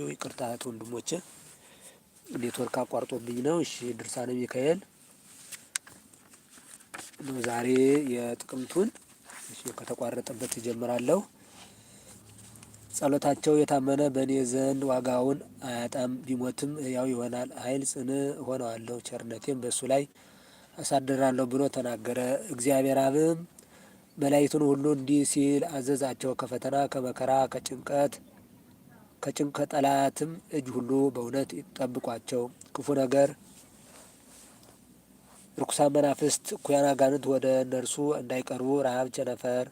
ናቸው። ይቅርታ እህት ኔትወርክ አቋርጦብኝ ነው። እሺ ድርሳነ ሚካኤል ነው ዛሬ የጥቅምቱን። እሺ ከተቋረጠበት ጀምራለሁ ጸሎታቸው የታመነ በእኔ ዘንድ ዋጋውን አያጣም፣ ቢሞትም ያው ይሆናል። ኃይል ጽን ሆነዋለሁ፣ ቸርነቴም በእሱ ላይ አሳድራለሁ ብሎ ተናገረ። እግዚአብሔር አብም መላእክቱን ሁሉ እንዲህ ሲል አዘዛቸው ከፈተና ከመከራ ከጭንቀት ከጭንከ ጠላትም እጅ ሁሉ በእውነት ይጠብቋቸው። ክፉ ነገር ርኩሳን መናፍስት፣ ኩያና አጋንንት ወደ እነርሱ እንዳይቀርቡ፣ ረሃብ፣ ቸነፈር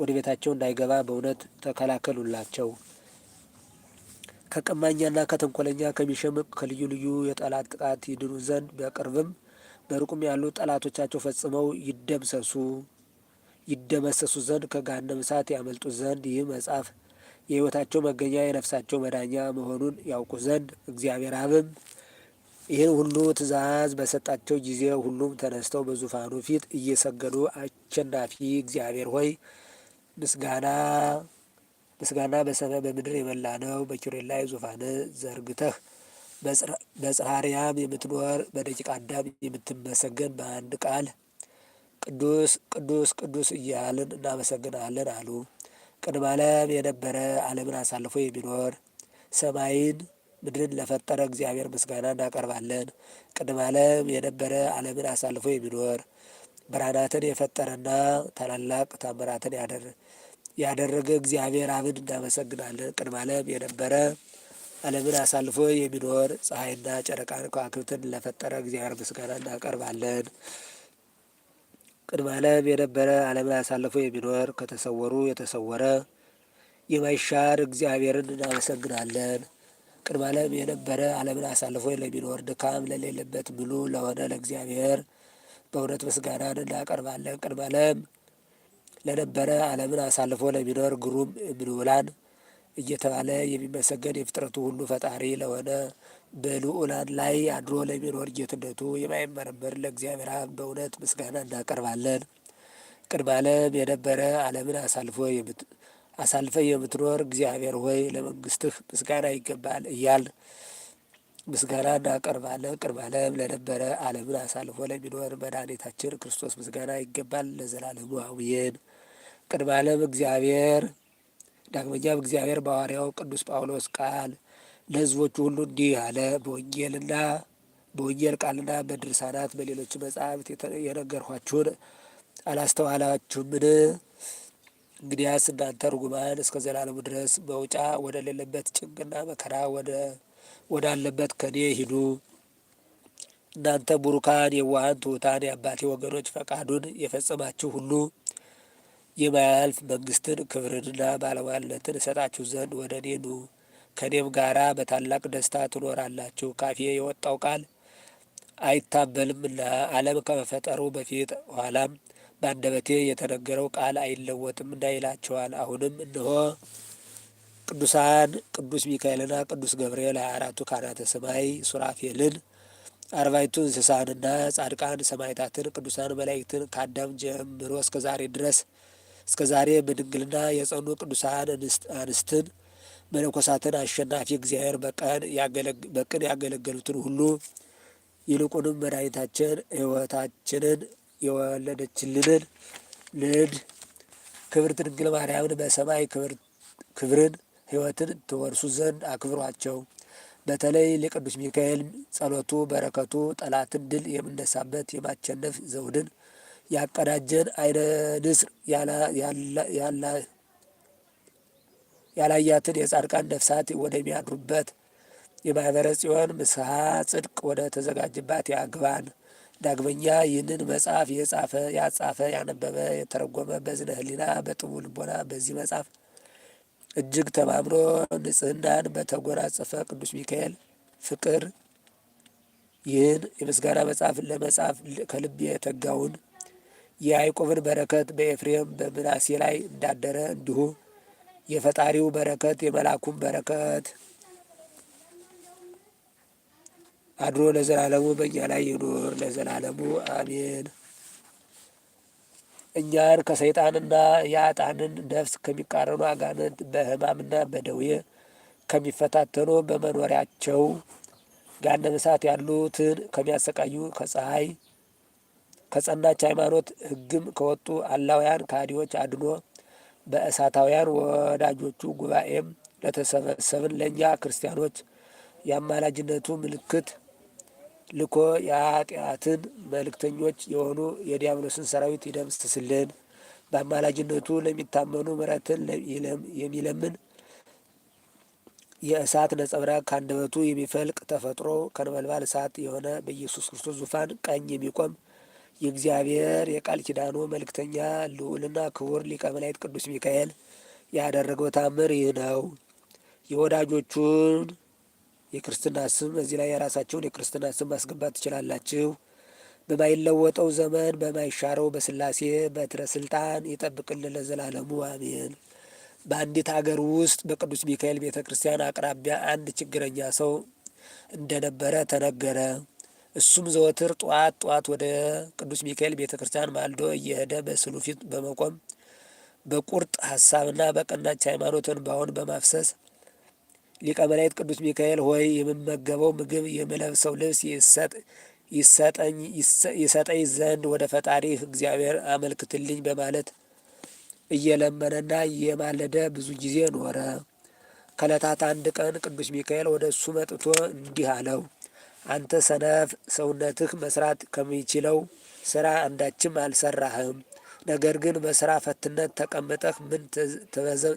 ወደ ቤታቸው እንዳይገባ በእውነት ተከላከሉላቸው። ከቀማኛና ከተንኮለኛ ከሚሸምቅ ከልዩ ልዩ የጠላት ጥቃት ይድኑ ዘንድ በቅርብም በሩቁም ያሉ ጠላቶቻቸው ፈጽመው ይደምሰሱ ይደመሰሱ ዘንድ ከጋነም እሳት ያመልጡ ዘንድ ይህ መጽሐፍ የህይወታቸው መገኛ የነፍሳቸው መዳኛ መሆኑን ያውቁ ዘንድ እግዚአብሔር አብም ይህን ሁሉ ትእዛዝ በሰጣቸው ጊዜ ሁሉም ተነስተው በዙፋኑ ፊት እየሰገዱ አሸናፊ እግዚአብሔር ሆይ ምስጋና ምስጋና በሰማይ በምድር የበላ ነው። በኪሩቤል ላይ ዙፋን ዘርግተህ በጽርሐ የምትኖር በደቂቀ አዳም የምትመሰገን በአንድ ቃል ቅዱስ ቅዱስ ቅዱስ እያልን እናመሰግናለን አሉ። ቅድመ ዓለም የነበረ ዓለምን አሳልፎ የሚኖር ሰማይን ምድርን ለፈጠረ እግዚአብሔር ምስጋና እናቀርባለን። ቅድመ ዓለም የነበረ ዓለምን አሳልፎ የሚኖር ብርሃናትን የፈጠረና ታላላቅ ታምራትን ያደረገ እግዚአብሔር አብን እናመሰግናለን። ቅድመ ዓለም የነበረ ዓለምን አሳልፎ የሚኖር ፀሐይና ጨረቃን ከዋክብትን ለፈጠረ እግዚአብሔር ምስጋና እናቀርባለን። ቅድመ ዓለም የነበረ ዓለምን አሳልፎ የሚኖር ከተሰወሩ የተሰወረ የማይሻር እግዚአብሔርን እናመሰግናለን። ቅድመ ዓለም የነበረ ዓለምን አሳልፎ ለሚኖር ድካም ለሌለበት ብሉ ለሆነ ለእግዚአብሔር በእውነት ምስጋናን እናቀርባለን። ቅድመ ዓለም ለነበረ ዓለምን አሳልፎ ለሚኖር ግሩም እምንውላን እየተባለ የሚመሰገን የፍጥረቱ ሁሉ ፈጣሪ ለሆነ በልዑላን ላይ አድሮ ለሚኖር ጌትነቱ የማይመረመር ለእግዚአብሔር አብ በእውነት ምስጋና እናቀርባለን። ቅድመ ዓለም የነበረ ዓለምን አሳልፎ አሳልፈ የምትኖር እግዚአብሔር ሆይ ለመንግስትህ ምስጋና ይገባል እያል ምስጋና እናቀርባለን። ቅድመ ዓለም ለነበረ ዓለምን አሳልፎ ለሚኖር መድኃኒታችን ክርስቶስ ምስጋና ይገባል ለዘላለሙ አሜን። ቅድመ ዓለም እግዚአብሔር ዳግመኛም እግዚአብሔር በሐዋርያው ቅዱስ ጳውሎስ ቃል ለህዝቦቹ ሁሉ እንዲህ አለ። በወንጌልና በወንጌል ቃልና በድርሳናት በሌሎች መጽሐፍት የነገርኋችሁን አላስተዋላችሁምን? እንግዲያስ እናንተ ርጉማን እስከ ዘላለሙ ድረስ መውጫ ወደ ሌለበት ጭንቅና መከራ ወዳለበት ከኔ ሂዱ። እናንተ ቡሩካን የዋሃን ትሑታን የአባቴ ወገኖች ፈቃዱን የፈጸማችሁ ሁሉ የማያልፍ መንግስትን ክብርንና ባለሟልነትን እሰጣችሁ ዘንድ ወደ እኔ ኑ። ከዴብ ጋራ በታላቅ ደስታ ትኖራላችሁ። ካፌ የወጣው ቃል አይታበልምና ዓለም ከመፈጠሩ በፊት ኋላም በአንደበቴ የተነገረው ቃል አይለወጥም ይላቸዋል። አሁንም እነሆ ቅዱሳን ቅዱስ ሚካኤልና ቅዱስ ገብርኤል ሀያ አራቱ ካህናተ ሰማይ ሱራፌልን አርባይቱ እንስሳንና ጻድቃን ሰማይታትን ቅዱሳን መላእክትን ከአዳም ጀምሮ እስከ ዛሬ ድረስ እስከ ዛሬ በድንግልና የጸኑ ቅዱሳን አንስትን መነኮሳትን አሸናፊ እግዚአብሔር በቅን ያገለገሉትን ሁሉ ይልቁንም መድኃኒታችን ሕይወታችንን የወለደችልንን ልድ ክብርት ድንግል ማርያምን በሰማይ ክብርን ሕይወትን ትወርሱ ዘንድ አክብሯቸው። በተለይ ለቅዱስ ሚካኤል ጸሎቱ በረከቱ ጠላትን ድል የምነሳበት የማቸነፍ ዘውድን ያቀዳጀን አይነ ንስር ያላ ያላያትን የጻድቃን ነፍሳት ወደሚያድሩበት የማኅበረ ጽዮን ምስሐ ጽድቅ ወደ ተዘጋጅባት ያግባን። ዳግመኛ ይህንን መጽሐፍ የጻፈ ያጻፈ ያነበበ የተረጎመ በዝነ ሕሊና በጥቡ ልቦና በዚህ መጽሐፍ እጅግ ተማምኖ ንጽህናን በተጎናጸፈ ቅዱስ ሚካኤል ፍቅር ይህን የምስጋና መጽሐፍ ለመጻፍ ከልብ የተጋውን የያዕቆብን በረከት በኤፍሬም በምናሴ ላይ እንዳደረ እንዲሁም። የፈጣሪው በረከት የመላኩም በረከት አድሮ ለዘላለሙ በእኛ ላይ ይኑር ለዘላለሙ አሜን። እኛን ከሰይጣንና የአጣንን ነፍስ ከሚቃረኑ አጋንንት በህማምና በደዌ ከሚፈታተኑ በመኖሪያቸው ገሃነመ እሳት ያሉትን ከሚያሰቃዩ ከፀሐይ ከጸናች ሃይማኖት ህግም ከወጡ አላውያን ከሃዲዎች አድኖ በእሳታውያን ወዳጆቹ ጉባኤም ለተሰበሰብን ለእኛ ክርስቲያኖች የአማላጅነቱ ምልክት ልኮ የኃጢአትን መልእክተኞች የሆኑ የዲያብሎስን ሰራዊት ይደምስስልን። በአማላጅነቱ ለሚታመኑ ምሕረትን የሚለምን የእሳት ነጸብራቅ ከአንደበቱ የሚፈልቅ ተፈጥሮ ከነበልባል እሳት የሆነ በኢየሱስ ክርስቶስ ዙፋን ቀኝ የሚቆም የእግዚአብሔር የቃል ኪዳኑ መልእክተኛ ልዑልና ክቡር ሊቀ መላእክት ቅዱስ ሚካኤል ያደረገው ታምር ይህ ነው። የወዳጆቹን የክርስትና ስም እዚህ ላይ የራሳቸውን የክርስትና ስም ማስገባት ትችላላችሁ። በማይለወጠው ዘመን በማይሻረው በስላሴ በትረ ስልጣን ይጠብቅልን ለዘላለሙ አሜን። በአንዲት አገር ውስጥ በቅዱስ ሚካኤል ቤተ ክርስቲያን አቅራቢያ አንድ ችግረኛ ሰው እንደነበረ ተነገረ። እሱም ዘወትር ጠዋት ጠዋት ወደ ቅዱስ ሚካኤል ቤተ ክርስቲያን ማልዶ እየሄደ በስዕሉ ፊት በመቆም በቁርጥ ሀሳብና በቀናች ሃይማኖትን ባሁን በማፍሰስ ሊቀ መላእክት ቅዱስ ሚካኤል ሆይ የምመገበው ምግብ የምለብሰው ልብስ ይሰጠኝ ዘንድ ወደ ፈጣሪህ እግዚአብሔር አመልክትልኝ በማለት እየለመነና እየማለደ ብዙ ጊዜ ኖረ። ከለታት አንድ ቀን ቅዱስ ሚካኤል ወደ እሱ መጥቶ እንዲህ አለው። አንተ ሰነፍ ሰውነትህ መስራት ከሚችለው ስራ አንዳችም አልሰራህም። ነገር ግን በስራ ፈትነት ተቀምጠህ ምን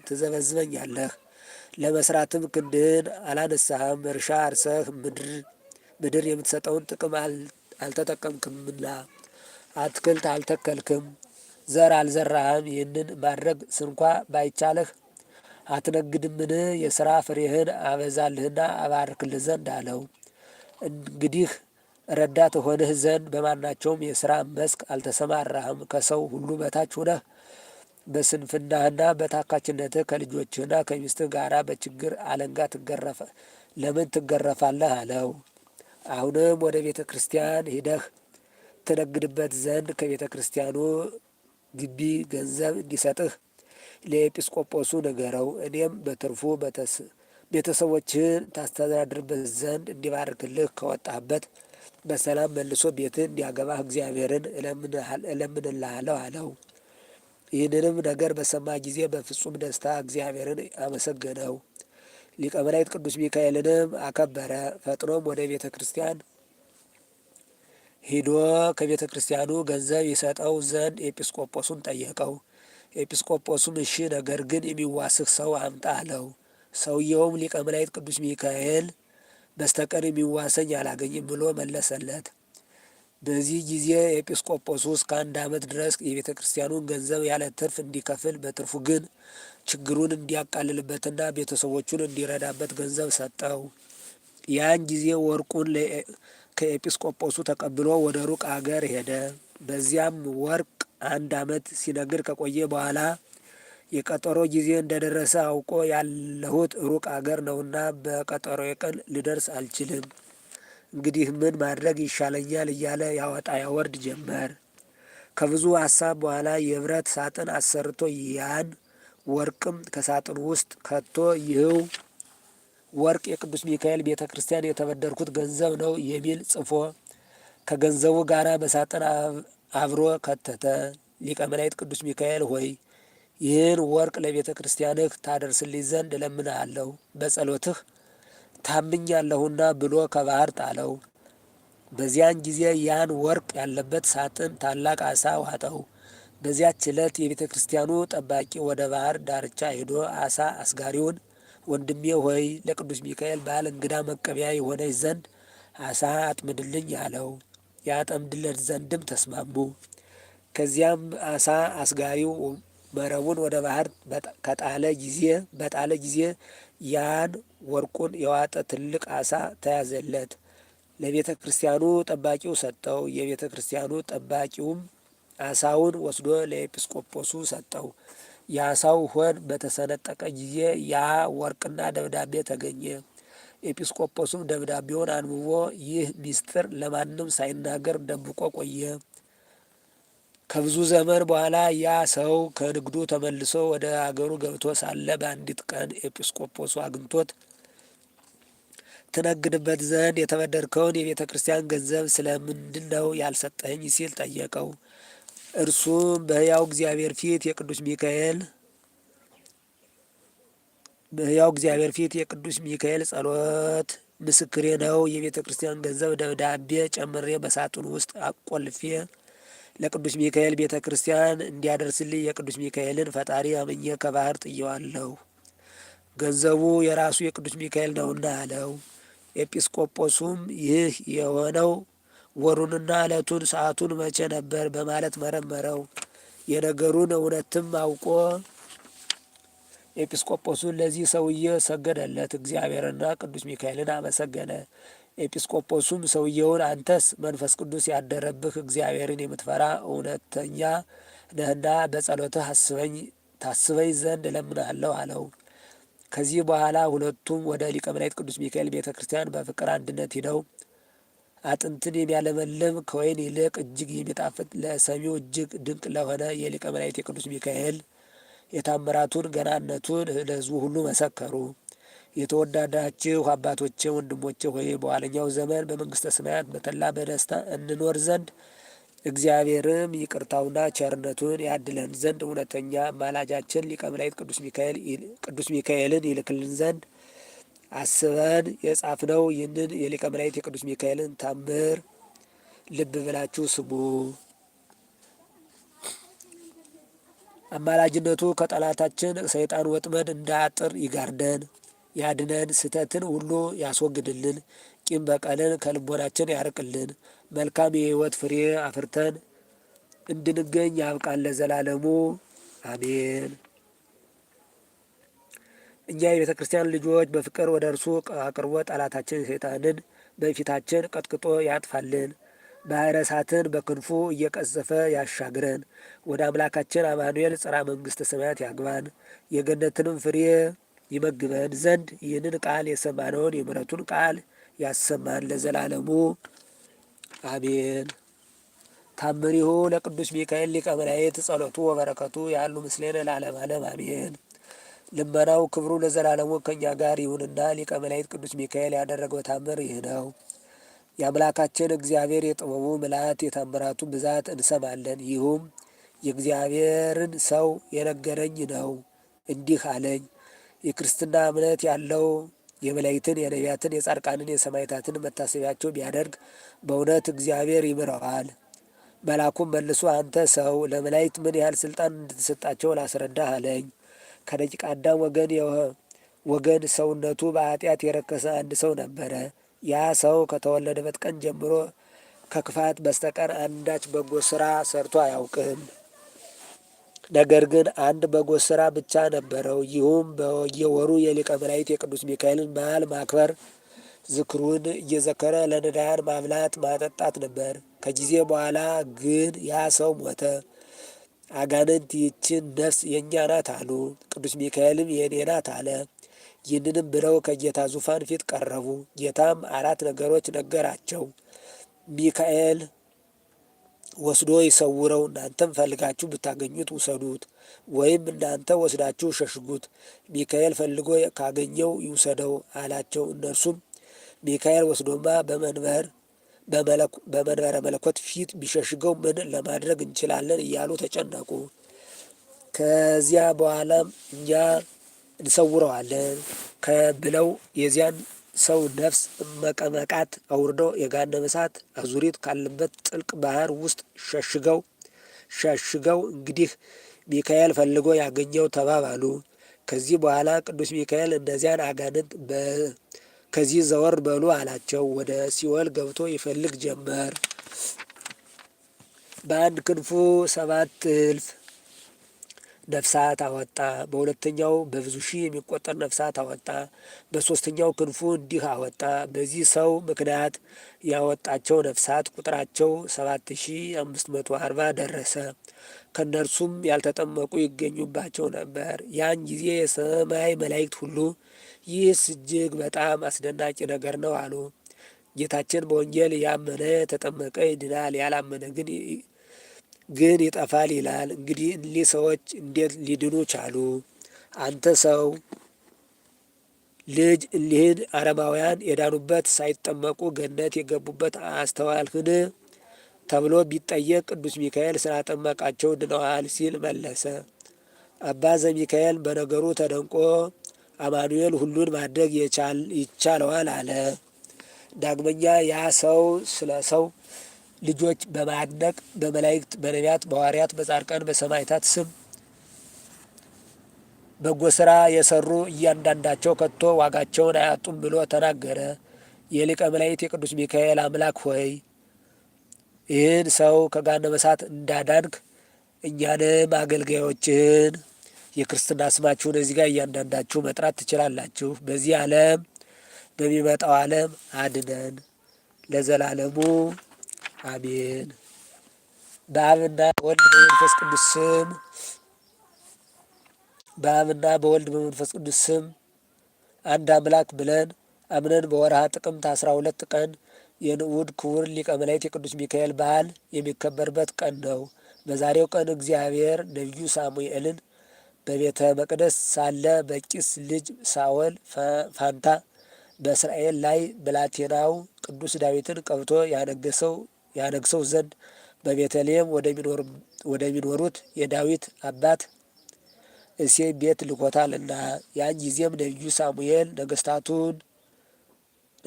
ትዘበዝበኛለህ? ለመስራትም ክንድህን አላነሳህም። እርሻ አርሰህ ምድር የምትሰጠውን ጥቅም አልተጠቀምክምና አትክልት አልተከልክም፣ ዘር አልዘራህም። ይህንን ማድረግ ስንኳ ባይቻልህ አትነግድምን? የሥራ ፍሬህን አበዛልህና አባርክልህ ዘንድ አለው። እንግዲህ ረዳት ሆነህ ዘንድ በማናቸውም የሥራ መስክ አልተሰማራህም። ከሰው ሁሉ በታች ሁነህ በስንፍናህና በታካችነትህ ከልጆችህና ከሚስትህ ጋር በችግር አለንጋ ትገረፈ ለምን ትገረፋለህ? አለው። አሁንም ወደ ቤተ ክርስቲያን ሂደህ ትነግድበት ዘንድ ከቤተ ክርስቲያኑ ግቢ ገንዘብ እንዲሰጥህ ለኤጲስቆጶሱ ንገረው። እኔም በትርፉ ቤተሰቦችን ታስተዳድርበት ዘንድ እንዲባርክልህ ከወጣህበት በሰላም መልሶ ቤትን እንዲያገባህ እግዚአብሔርን እለምንልሃለሁ አለው። ይህንንም ነገር በሰማ ጊዜ በፍጹም ደስታ እግዚአብሔርን አመሰገነው። ሊቀ መላእክት ቅዱስ ሚካኤልንም አከበረ። ፈጥኖም ወደ ቤተ ክርስቲያን ሂዶ ከቤተ ክርስቲያኑ ገንዘብ ይሰጠው ዘንድ ኤጲስቆጶሱን ጠየቀው። ኤጲስቆጶሱም እሺ፣ ነገር ግን የሚዋስህ ሰው አምጣ አለው። ሰውየውም ሊቀ መላእክት ቅዱስ ሚካኤል በስተቀር የሚዋሰኝ አላገኝም ብሎ መለሰለት። በዚህ ጊዜ ኤጲስቆጶሱ እስከ አንድ ዓመት ድረስ የቤተ ክርስቲያኑን ገንዘብ ያለ ትርፍ እንዲከፍል በትርፉ ግን ችግሩን እንዲያቃልልበትና ቤተሰቦቹን እንዲረዳበት ገንዘብ ሰጠው። ያን ጊዜ ወርቁን ከኤጲስቆጶሱ ተቀብሎ ወደ ሩቅ አገር ሄደ። በዚያም ወርቅ አንድ ዓመት ሲነግድ ከቆየ በኋላ የቀጠሮ ጊዜ እንደደረሰ አውቆ ያለሁት ሩቅ አገር ነውና በቀጠሮ ቀን ልደርስ አልችልም። እንግዲህ ምን ማድረግ ይሻለኛል እያለ ያወጣ ያወርድ ጀመር። ከብዙ ሀሳብ በኋላ የብረት ሳጥን አሰርቶ ያን ወርቅም ከሳጥን ውስጥ ከቶ ይህው ወርቅ የቅዱስ ሚካኤል ቤተ ክርስቲያን የተበደርኩት ገንዘብ ነው የሚል ጽፎ ከገንዘቡ ጋር በሳጥን አብሮ ከተተ። ሊቀ መላእክት ቅዱስ ሚካኤል ሆይ ይህን ወርቅ ለቤተ ክርስቲያንህ ታደርስልኝ ዘንድ እለምንሃለሁ፣ በጸሎትህ ታምኛለሁና ብሎ ከባህር ጣለው። በዚያን ጊዜ ያን ወርቅ ያለበት ሳጥን ታላቅ አሳ ዋጠው። በዚያች ዕለት የቤተ ክርስቲያኑ ጠባቂ ወደ ባህር ዳርቻ ሄዶ አሳ አስጋሪውን ወንድሜ ሆይ ለቅዱስ ሚካኤል በዓል እንግዳ መቀበያ የሆነች ዘንድ አሳ አጥምድልኝ አለው። ያጠምድለት ዘንድም ተስማሙ። ከዚያም አሳ አስጋሪው መረቡን ወደ ባህር ከጣለ ጊዜ በጣለ ጊዜ ያን ወርቁን የዋጠ ትልቅ አሳ ተያዘለት። ለቤተ ክርስቲያኑ ጠባቂው ሰጠው። የቤተ ክርስቲያኑ ጠባቂውም አሳውን ወስዶ ለኤጲስቆጶሱ ሰጠው። የአሳው ሆድ በተሰነጠቀ ጊዜ ያ ወርቅና ደብዳቤ ተገኘ። ኤጲስቆጶሱም ደብዳቤውን አንብቦ ይህ ሚስጥር ለማንም ሳይናገር ደብቆ ቆየ። ከብዙ ዘመን በኋላ ያ ሰው ከንግዱ ተመልሶ ወደ አገሩ ገብቶ ሳለ በአንዲት ቀን ኤጲስቆጶሱ አግኝቶት ትነግድበት ዘንድ የተበደርከውን የቤተ ክርስቲያን ገንዘብ ስለምንድን ነው ያልሰጠኝ ሲል ጠየቀው። እርሱም በሕያው እግዚአብሔር ፊት የቅዱስ ሚካኤል በሕያው እግዚአብሔር ፊት የቅዱስ ሚካኤል ጸሎት ምስክሬ ነው። የቤተ ክርስቲያን ገንዘብ ደብዳቤ ጨምሬ በሳጥን ውስጥ አቆልፌ ለቅዱስ ሚካኤል ቤተ ክርስቲያን እንዲያደርስልኝ የቅዱስ ሚካኤልን ፈጣሪ አምኜ ከባህር ጥየዋለሁ። ገንዘቡ የራሱ የቅዱስ ሚካኤል ነውና አለው። ኤጲስቆጶሱም ይህ የሆነው ወሩንና ዕለቱን ሰዓቱን መቼ ነበር በማለት መረመረው። የነገሩን እውነትም አውቆ ኤጲስቆጶሱን ለዚህ ሰውዬ ሰገደለት። እግዚአብሔርና ቅዱስ ሚካኤልን አመሰገነ። ኤጲስቆጶሱም ሰውየውን አንተስ መንፈስ ቅዱስ ያደረብህ እግዚአብሔርን የምትፈራ እውነተኛ ነህና በጸሎትህ አስበኝ ታስበኝ ዘንድ እለምንሃለሁ አለው። ከዚህ በኋላ ሁለቱም ወደ ሊቀ መላእክት ቅዱስ ሚካኤል ቤተ ክርስቲያን በፍቅር አንድነት ሂደው አጥንትን የሚያለመልም ከወይን ይልቅ እጅግ የሚጣፍጥ ለሰሚው እጅግ ድንቅ ለሆነ የሊቀ መላእክት የቅዱስ ሚካኤል የታምራቱን ገናነቱን ለሕዝቡ ሁሉ መሰከሩ። የተወዳዳችሁ አባቶቼ ወንድሞቼ ሆይ በኋለኛው ዘመን በመንግስተ ሰማያት በተላ በደስታ እንኖር ዘንድ እግዚአብሔርም ይቅርታውና ቸርነቱን ያድለን ዘንድ እውነተኛ ማላጃችን ሊቀ መላእክት ቅዱስ ሚካኤል ቅዱስ ሚካኤልን ይልክልን ዘንድ አስበን የጻፍነው ይህንን የሊቀ መላእክት የቅዱስ ሚካኤልን ታምር ልብ ብላችሁ ስሙ። አማላጅነቱ ከጠላታችን ሰይጣን ወጥመድ እንደ አጥር ይጋርደን። ያድነን፣ ስህተትን ሁሉ ያስወግድልን፣ ቂም በቀልን ከልቦናችን ያርቅልን፣ መልካም የህይወት ፍሬ አፍርተን እንድንገኝ ያብቃን ለዘላለሙ አሜን። እኛ የቤተ ክርስቲያን ልጆች በፍቅር ወደ እርሱ አቅርቦ ጠላታችን ሰይጣንን በፊታችን ቀጥቅጦ ያጥፋልን። ባህረ እሳትን በክንፉ እየቀዘፈ ያሻግረን። ወደ አምላካችን አማኑኤል ጽርሐ መንግሥተ ሰማያት ያግባን። የገነትንም ፍሬ ይመግበን ዘንድ ይህንን ቃል የሰማነውን የምሕረቱን ቃል ያሰማን ለዘላለሙ አሜን። ታምሪሁ ለቅዱስ ሚካኤል ሊቀ መላእክት ጸሎቱ ወበረከቱ ያሉ ምስሌነ ለዓለም ዓለም አሜን። ልመናው ክብሩ ለዘላለሙ ከኛ ጋር ይሁንና ሊቀ መላእክት ቅዱስ ሚካኤል ያደረገው ታምር ይህ ነው። የአምላካችን እግዚአብሔር የጥበቡ ምልአት የታምራቱ ብዛት እንሰማለን። ይሁም የእግዚአብሔርን ሰው የነገረኝ ነው እንዲህ አለኝ የክርስትና እምነት ያለው የመላእክትን የነቢያትን የጻድቃንን የሰማዕታትን መታሰቢያቸው ቢያደርግ በእውነት እግዚአብሔር ይምረዋል። መልአኩም መልሶ አንተ ሰው ለመላእክት ምን ያህል ስልጣን እንደተሰጣቸው ላስረዳህ አለኝ። ከደቂቀ አዳም ወገን ወገን ሰውነቱ በኃጢአት የረከሰ አንድ ሰው ነበረ። ያ ሰው ከተወለደበት ቀን ጀምሮ ከክፋት በስተቀር አንዳች በጎ ሥራ ሰርቶ አያውቅም። ነገር ግን አንድ በጎ ስራ ብቻ ነበረው። ይሁም በየወሩ የሊቀ መላእክት የቅዱስ ሚካኤልን በዓል ማክበር፣ ዝክሩን እየዘከረ ለነዳያን ማብላት ማጠጣት ነበር። ከጊዜ በኋላ ግን ያ ሰው ሞተ። አጋንንት ይችን ነፍስ የእኛ ናት አሉ። ቅዱስ ሚካኤልም የእኔ ናት አለ። ይህንንም ብለው ከጌታ ዙፋን ፊት ቀረቡ። ጌታም አራት ነገሮች ነገራቸው። ሚካኤል ወስዶ ይሰውረው። እናንተም ፈልጋችሁ ብታገኙት ውሰዱት፣ ወይም እናንተ ወስዳችሁ ሸሽጉት። ሚካኤል ፈልጎ ካገኘው ይውሰደው አላቸው። እነርሱም ሚካኤል ወስዶማ በመንበር በመንበረ መለኮት ፊት ቢሸሽገው ምን ለማድረግ እንችላለን? እያሉ ተጨነቁ። ከዚያ በኋላም እኛ እንሰውረዋለን ከብለው የዚያን ሰው ነፍስ መቀመቃት አውርዶ የገሃነመ እሳት አዙሪት ካለበት ጥልቅ ባህር ውስጥ ሸሽገው ሸሽገው እንግዲህ ሚካኤል ፈልጎ ያገኘው ተባባሉ። ከዚህ በኋላ ቅዱስ ሚካኤል እነዚያን አጋንንት ከዚህ ዘወር በሉ አላቸው። ወደ ሲኦል ገብቶ ይፈልግ ጀመር። በአንድ ክንፉ ሰባት እልፍ ነፍሳት አወጣ። በሁለተኛው በብዙ ሺህ የሚቆጠር ነፍሳት አወጣ። በሶስተኛው ክንፉ እንዲህ አወጣ። በዚህ ሰው ምክንያት ያወጣቸው ነፍሳት ቁጥራቸው ሰባት ሺህ አምስት መቶ አርባ ደረሰ። ከእነርሱም ያልተጠመቁ ይገኙባቸው ነበር። ያን ጊዜ የሰማይ መላእክት ሁሉ ይህስ እጅግ በጣም አስደናቂ ነገር ነው አሉ። ጌታችን በወንጌል ያመነ ተጠመቀ ይድናል፣ ያላመነ ግን ግን ይጠፋል ይላል። እንግዲህ እኒህ ሰዎች እንዴት ሊድኑ ቻሉ? አንተ ሰው ልጅ እኒህን አረማውያን የዳኑበት ሳይጠመቁ ገነት የገቡበት አስተዋልህን ተብሎ ቢጠየቅ ቅዱስ ሚካኤል ስላጠመቃቸው ድነዋል ሲል መለሰ። አባ ዘሚካኤል በነገሩ ተደንቆ አማኑኤል ሁሉን ማድረግ ይቻለዋል አለ። ዳግመኛ ያ ሰው ስለ ሰው ልጆች በማድነቅ በመላእክት፣ በነቢያት፣ በሐዋርያት፣ በጻድቃን፣ በሰማዕታት ስም በጎ ስራ የሰሩ እያንዳንዳቸው ከቶ ዋጋቸውን አያጡም ብሎ ተናገረ። የሊቀ መላእክት የቅዱስ ሚካኤል አምላክ ሆይ ይህን ሰው ከገሃነመ እሳት እንዳዳንክ እኛንም አገልጋዮችህን የክርስትና ስማችሁን እዚህ ጋር እያንዳንዳችሁ መጥራት ትችላላችሁ። በዚህ ዓለም በሚመጣው ዓለም አድነን ለዘላለሙ አሜን። በአብና ወልድ በመንፈስ ቅዱስ ስም በአብና በወልድ በመንፈስ ቅዱስ ስም አንድ አምላክ ብለን አምነን በወርሃ ጥቅምት አስራ ሁለት ቀን የንዑድ ክቡር ሊቀ መላእክት የቅዱስ ሚካኤል በዓል የሚከበርበት ቀን ነው። በዛሬው ቀን እግዚአብሔር ነቢዩ ሳሙኤልን በቤተ መቅደስ ሳለ በቂስ ልጅ ሳወል ፋንታ በእስራኤል ላይ ብላቴናው ቅዱስ ዳዊትን ቀብቶ ያነገሰው ያነግሰው ዘንድ በቤተልሔም ወደሚኖሩት የዳዊት አባት እሴ ቤት ልኮታልና። ያን ጊዜም ነቢዩ ሳሙኤል ነገስታቱን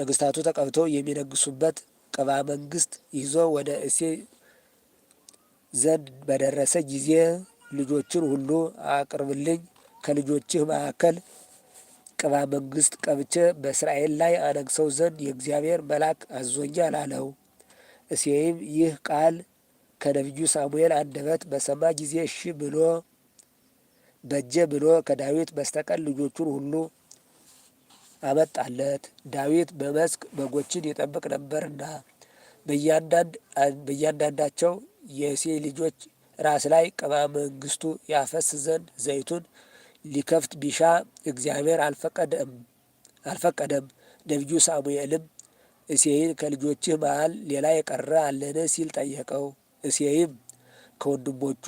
ነገስታቱ ተቀብተው የሚነግሱበት ቅባ መንግስት ይዞ ወደ እሴ ዘንድ በደረሰ ጊዜ ልጆችን ሁሉ አቅርብልኝ፣ ከልጆችህ መካከል ቅባ መንግስት ቀብቼ በእስራኤል ላይ አነግሰው ዘንድ የእግዚአብሔር መልአክ አዞኛል አለው። እሴይም ይህ ቃል ከነቢዩ ሳሙኤል አንደበት በሰማ ጊዜ እሺ ብሎ በጀ ብሎ ከዳዊት በስተቀር ልጆቹን ሁሉ አመጣለት። ዳዊት በመስክ በጎችን ይጠብቅ ነበርና በእያንዳንዳቸው የእሴይ ልጆች ራስ ላይ ቅባ መንግስቱ ያፈስ ዘንድ ዘይቱን ሊከፍት ቢሻ እግዚአብሔር አልፈቀደም። ነቢዩ ሳሙኤልም እሴይን ከልጆችህ መሃል ሌላ የቀረ አለን ሲል ጠየቀው። እሴይም ከወንድሞቹ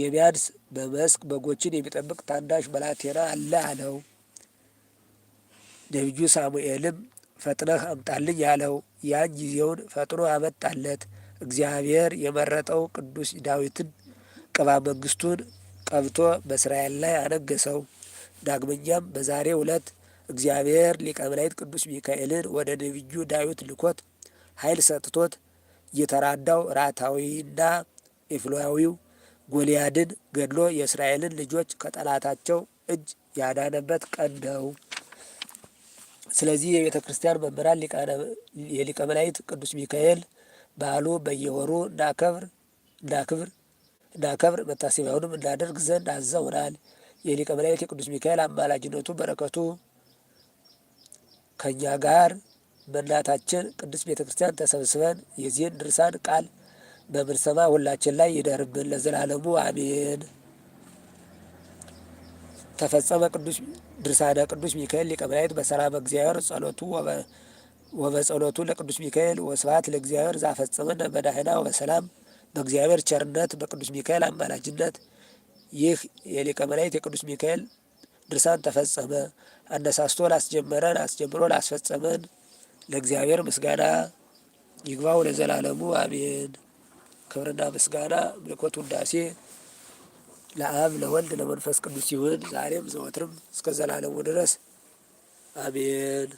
የሚያንስ በመስክ በጎችን የሚጠብቅ ታናሽ ብላቴና አለ አለው። ነቢዩ ሳሙኤልም ፈጥነህ አምጣልኝ አለው። ያን ጊዜውን ፈጥኖ አመጣለት። እግዚአብሔር የመረጠው ቅዱስ ዳዊትን ቅባ መንግስቱን ቀብቶ በእስራኤል ላይ አነገሰው። ዳግመኛም በዛሬ ዕለት እግዚአብሔር ሊቀ መላእክት ቅዱስ ሚካኤልን ወደ ነቢዩ ዳዊት ልኮት ኃይል ሰጥቶት እየተራዳው ራታዊና ኤፍሎያዊው ጎልያድን ገድሎ የእስራኤልን ልጆች ከጠላታቸው እጅ ያዳነበት ቀን ነው። ስለዚህ የቤተ ክርስቲያን መምህራን የሊቀ መላእክት ቅዱስ ሚካኤል በዓሉ በየወሩ እናከብር እናክብር እናከብር መታሰቢያውንም እናደርግ ዘንድ አዘውናል። የሊቀ መላእክት የቅዱስ ሚካኤል አማላጅነቱ በረከቱ ከእኛ ጋር በእናታችን ቅዱስ ቤተ ክርስቲያን ተሰብስበን የዚህን ድርሳን ቃል በምንሰማ ሁላችን ላይ ይደርብን ለዘላለሙ አሜን። ተፈጸመ ቅዱስ ድርሳነ ቅዱስ ሚካኤል ሊቀ መላእክት በሰላም እግዚአብሔር ጸሎቱ ወበጸሎቱ ለቅዱስ ሚካኤል ወስብሐት ለእግዚአብሔር ዛፈጸመነ በዳህና ወበሰላም። በእግዚአብሔር ቸርነት በቅዱስ ሚካኤል አማላጅነት ይህ የሊቀ መላእክት የቅዱስ ሚካኤል ድርሳን ተፈጸመ። አነሳስቶ ላስጀመረን አስጀምሮ ላስፈጸመን ለእግዚአብሔር ምስጋና ይግባው ለዘላለሙ አሜን። ክብርና ምስጋና ምልኮት ውዳሴ ለአብ ለወልድ ለመንፈስ ቅዱስ ይሁን ዛሬም ዘወትርም እስከ ዘላለሙ ድረስ አሜን።